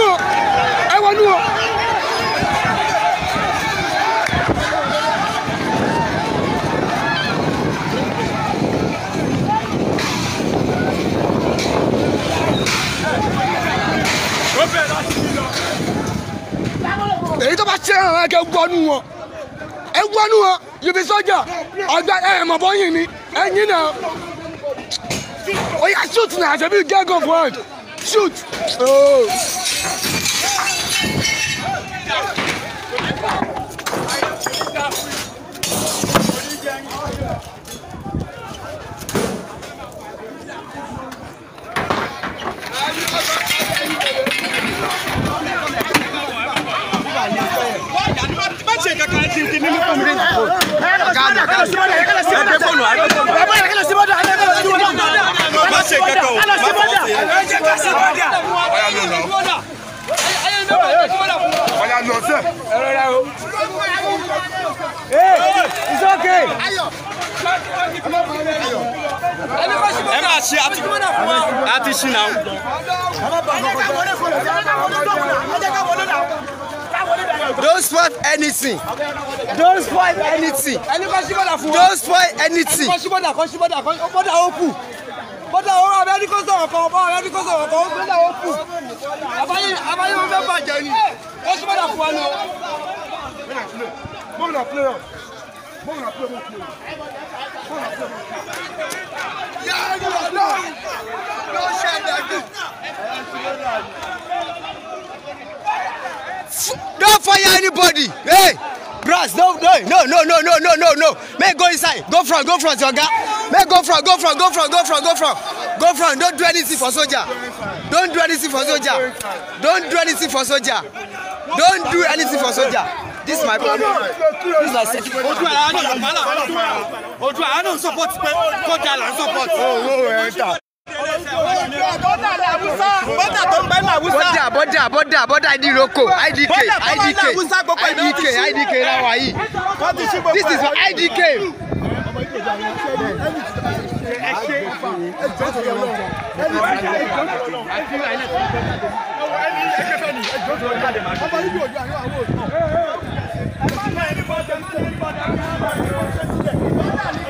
wọnú o ẹ wọnú o. èyí tó bá ṣe ẹ̀ràn ẹ̀kẹ́ wọnú wọn ẹ wọnú wọn yóò fi sọ́jà ọgbà ẹ̀ mọ̀ bọ́yìn ni ẹ̀yìn náà ó yà náà àṣẹ bíi gẹ́gọ̀ fún ọ̀dọ̀. Shoot! Oh! Kala, kala, kala, kala, kala, kala, kala, kala, kala, kala, kala, kala, ṣe kankan o má fọwọ́ sí i. ẹ jẹ́ ká ṣe bọ́dà. ọ̀yà ló lọ. ọ̀yà ló sẹ̀. ẹ rọra o. ee it's okay. ẹ máa ṣe àti ṣì náà. Don't spoil anything. Don't spoil anything. Don't spoil anything bọ́dà ó abẹ́ ní kó sọ̀rọ̀ kan abẹ́ ní kó sọ̀rọ̀ ó gbé náà kù àbáyé àbáyé wọn fẹ́ bàjẹ́ ni ó sì bọ́dà fún wa ni o. bọ́ọ̀nà play on bọ́ọ̀nà play on bọ́ọ̀nà play on. yáàrú ọ̀nà ló ṣẹlẹ̀ dùn. Don't fire anybody. Hey, brass, no, no, no, no, no, no, no. May go inside. Go front, go front, your guy. Make go front, go front, go front, go front, go front. Go front. Don't do anything for soldier. Don't do anything for soldier. Don't do anything for soldier. Don't do anything for soldier. This is my problem. This is my second. Ojú àánú làmàlà. support pé kọjá là support. Oh, oh, bọ́dà tó ń bẹ́ làwùsá. bọ́dà bọ́dà bọ́dà bọ́dà ìdí roko IDK IDK IDK IDK làwà yìí this is for IDK. Thank you.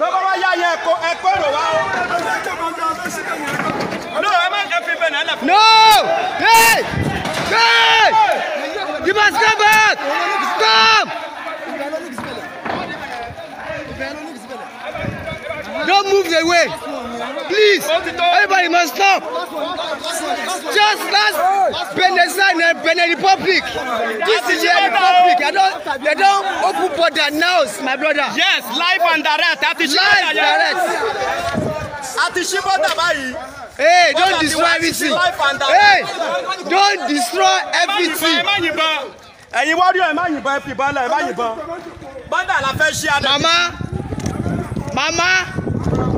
tọ́kọ́ bá yá yẹn ẹ̀kọ́ ẹ̀kọ́ wa no ẹ má ẹ fi bẹ̀rẹ̀ ẹ̀lẹ̀ fún. no hey hey you must come back come. Don't move away. Please, everybody must stop. Just last Benin and eh, Benin Republic. This is your republic. I don't, they don't open border now, my brother. Yes, live and direct. Live direct. àti ṣíbọ́dà báyìí. Hey, don't destroy everything. Hey, don't destroy everything. Ẹ̀yin wọ́rí ẹ̀ má yìnbọn ẹ̀ fìbọn lẹ̀ ẹ̀ má yìnbọn. Bọ́dà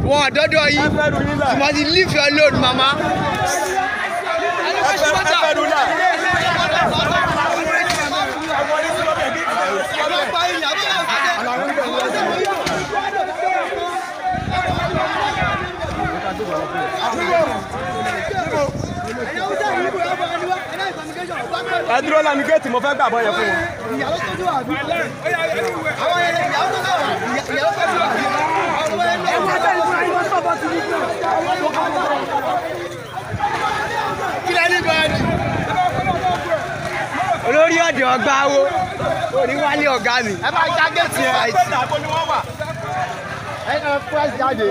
wọn àdọ́dọ̀ yìí you must leave your load mama. ẹ dúró géètì mo fẹ́ gbà bọ́ fún wọn. ìyàwó tó dùn àdúgbò àwọn ìyàwó tó dùn àdúgbò olórí ọ̀dẹ̀ ọgbà wo oníwálé ọ̀gá mi. ẹ máa já géètì ẹ àìsí. ẹ ẹ press jáde.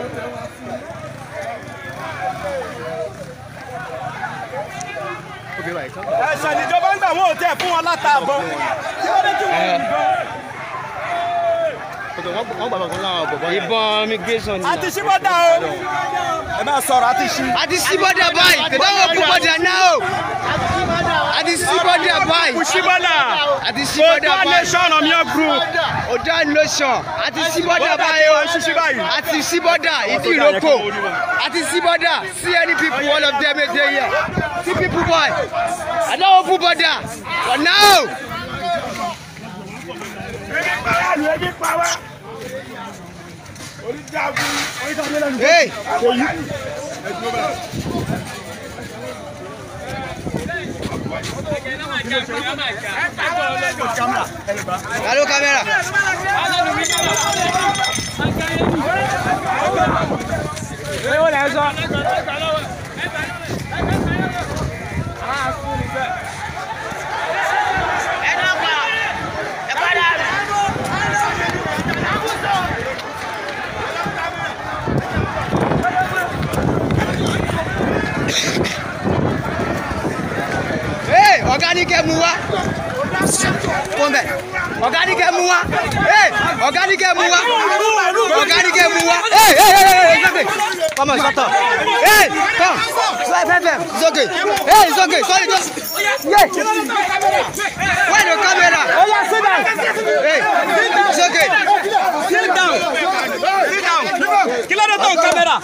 ẹ̀sẹ̀ ìjọba ń gbà wọ́n ò tẹ̀ fún wọn látàbọ̀ ìbọn immigration ni. àti síbọ̀dà o. ẹ bá sọ̀rọ̀ àti sí. àti síbọ̀dà báyìí kò dáwọ́ kú bọ̀dà náà o. àti síbọ̀dà báyìí. kò síbọ̀dà. àti síbọ̀dà báyìí. kò dá nation on your group. kò dá nation. àti síbọ̀dà báyìí o. àti síbọ̀dà ìdí ìrókò. àti síbọ̀dà see any people all of them Hey! Alô, câmera! Ei, olha só! ọ̀gá ní kẹ́ mú wá ọ̀gá ní kẹ́ mú wá ọ̀gá mú wá come on shut up hey come slide pepper it's okay hey it's okay sorry just yeah where the camera oh yeah sit hey it's okay sit down sit down kí ló dé tó camera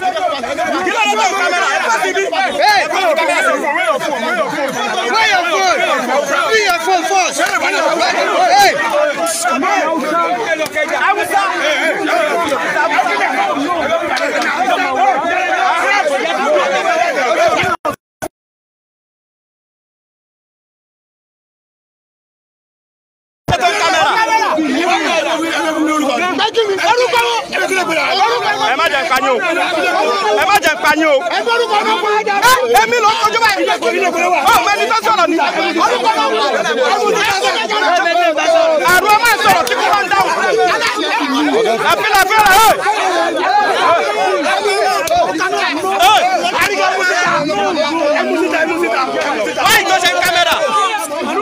kí ló dé tó camera ẹ bá ti bí ẹ bá ti camera. awusa ẹ má jẹ nkanyi o ẹ má jẹ nkanyi o tó sọ̀rọ̀ ni. La paix, la paix, là Why you touching camera?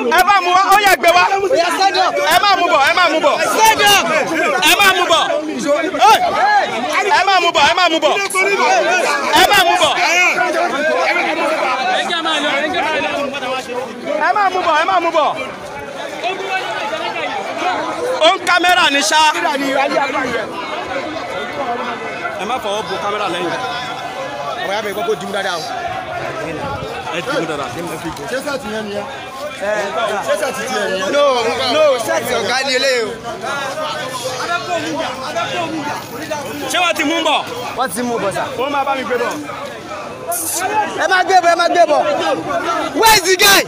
Ẹ bá mú wa, ó yẹ gbé wa. Ẹ má mú bọ̀, ẹ má mú bọ̀. Ẹ má mú bọ̀. Ẹ má mú bọ̀, ẹ má mú bọ̀. Ẹ má mú bọ̀. Ẹ má mú bọ̀, ẹ má mú bọ̀. On camera, kámẹ́rà ní ṣá ẹ má fọwọ́ bo kámẹ́rà lẹ́yìn. ọ̀rọ̀ yà bẹ̀ kó kó dìmú dáadáa o. ẹ dìmú dáadáa. ṣé sẹ́ẹ̀tì yẹn nìyẹn. ṣé sẹ́ẹ̀tì yẹn nìyẹn. no no sẹ́ẹ̀tì ọ̀gá ni eléyìí o. ṣé wọ́n ti mú bọ̀. wọ́n ti mú bọ̀ sà. ó máa bá mi gbé bọ̀. ẹ má gbé bọ̀ ẹ má gbé bọ̀ where is the guy.